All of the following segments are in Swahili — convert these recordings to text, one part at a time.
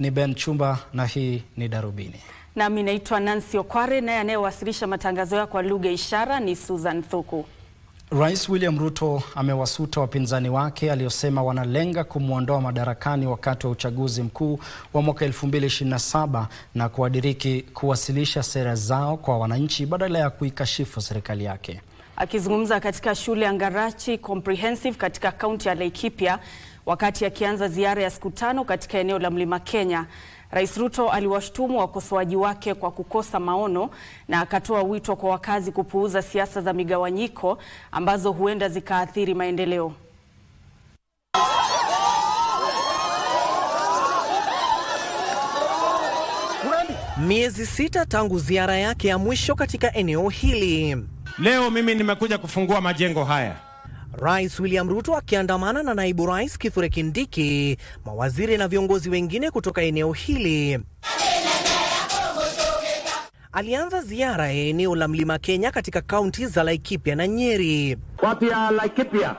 ni Ben Chumba na hii ni Darubini. Nami naitwa Nancy Okware, naye anayewasilisha matangazo yao kwa lugha ishara ni Susan Thuku. Rais William Ruto amewasuta wapinzani wake aliyosema wanalenga kumwondoa madarakani wakati wa uchaguzi mkuu wa mwaka 2027 na kuadiriki kuwasilisha sera zao kwa wananchi badala ya kuikashifu serikali yake. Akizungumza katika shule ya Ngarachi Comprehensive katika kaunti ya Laikipia, Wakati akianza ziara ya siku tano katika eneo la Mlima Kenya, Rais Ruto aliwashtumu wakosoaji wake kwa kukosa maono na akatoa wito kwa wakazi kupuuza siasa za migawanyiko ambazo huenda zikaathiri maendeleo. Miezi sita tangu ziara yake ya mwisho katika eneo hili. Leo mimi nimekuja kufungua majengo haya. Rais William Ruto akiandamana na naibu rais Kithure Kindiki, mawaziri na viongozi wengine kutoka eneo hili alianza ziara ya eneo la mlima Kenya katika kaunti za Laikipia na Nyeri. wapya Laikipia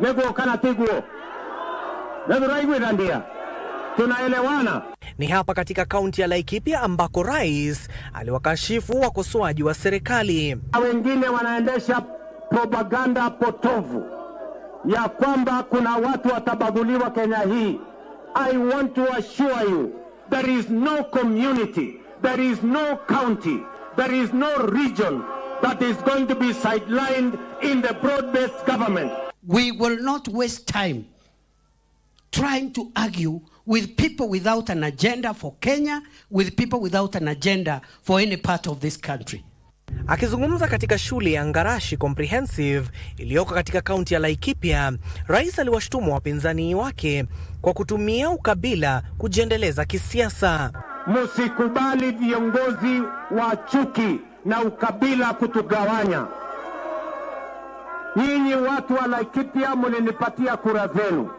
neguo kana tiguo neuraigwirandia tunaelewana. Ni hapa katika kaunti ya Laikipia ambako rais aliwakashifu wakosoaji wa serikali. Wengine wanaendesha propaganda potovu ya kwamba kuna watu watabaguliwa Kenya hii. I want to assure you there is no community, there is no county, there is no region that is going to be sidelined in the broad-based government. We will not waste time trying to argue with people without an agenda for Kenya, with people without an agenda for any part of this country. Akizungumza katika shule ya Ngarashi Comprehensive iliyoko katika kaunti ya Laikipia, rais aliwashutumu wapinzani wake kwa kutumia ukabila kujiendeleza kisiasa. Msikubali viongozi wa chuki na ukabila kutugawanya. Nyinyi watu wa Laikipia mlinipatia kura zenu.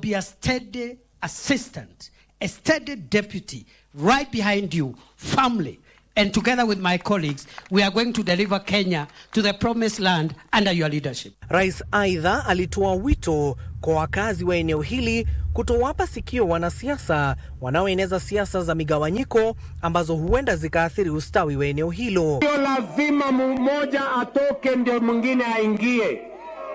be a steady assistant, a steady deputy right behind you, firmly and together with my colleagues we are going to deliver Kenya to the promised land under your leadership. Rais aidha alitoa wito kwa wakazi wa eneo hili kutowapa sikio wanasiasa wanaoeneza siasa za migawanyiko ambazo huenda zikaathiri ustawi wa eneo hilo. Sio lazima mmoja atoke ndio mwingine aingie.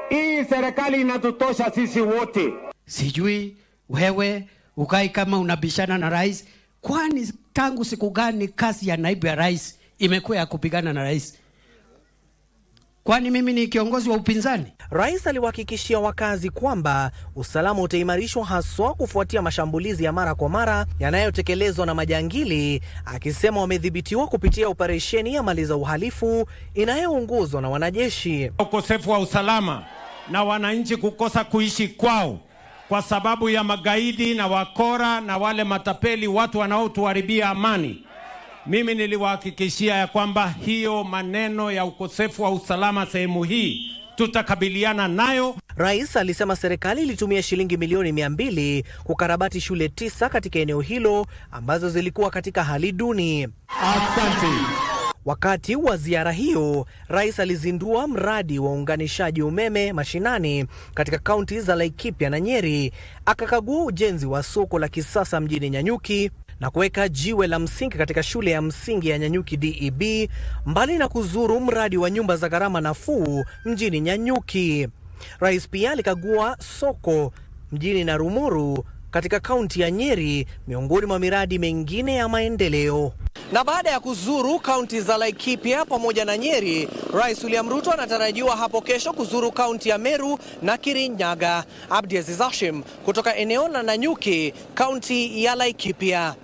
Hii serikali inatutosha sisi wote. Sijui wewe ukai kama unabishana na rais kwani tangu siku gani kazi ya naibu ya rais imekuwa ya kupigana na rais? Kwani mimi ni kiongozi wa upinzani? Rais aliwahakikishia wakazi kwamba usalama utaimarishwa haswa kufuatia mashambulizi ya mara kwa mara yanayotekelezwa na majangili, akisema wamedhibitiwa kupitia operesheni ya Maliza Uhalifu inayoongozwa na wanajeshi. Ukosefu wa usalama na wananchi kukosa kuishi kwao kwa sababu ya magaidi na wakora na wale matapeli, watu wanaotuharibia amani. Mimi niliwahakikishia ya kwamba hiyo maneno ya ukosefu wa usalama sehemu hii tutakabiliana nayo. Rais alisema serikali ilitumia shilingi milioni mia mbili kukarabati shule tisa katika eneo hilo ambazo zilikuwa katika hali duni. Asante. Wakati wa ziara hiyo, rais alizindua mradi wa uunganishaji umeme mashinani katika kaunti za Laikipia na Nyeri, akakagua ujenzi wa soko la kisasa mjini Nyanyuki na kuweka jiwe la msingi katika shule ya msingi ya Nyanyuki DEB, mbali na kuzuru mradi wa nyumba za gharama nafuu mjini Nyanyuki. Rais pia alikagua soko mjini Narumuru katika kaunti ya Nyeri, miongoni mwa miradi mingine ya maendeleo. Na baada ya kuzuru kaunti za Laikipia pamoja na Nyeri, Rais William Ruto anatarajiwa hapo kesho kuzuru kaunti ya Meru na Kirinyaga. Abdiaziz Hashim kutoka eneo la Nanyuki, kaunti ya Laikipia.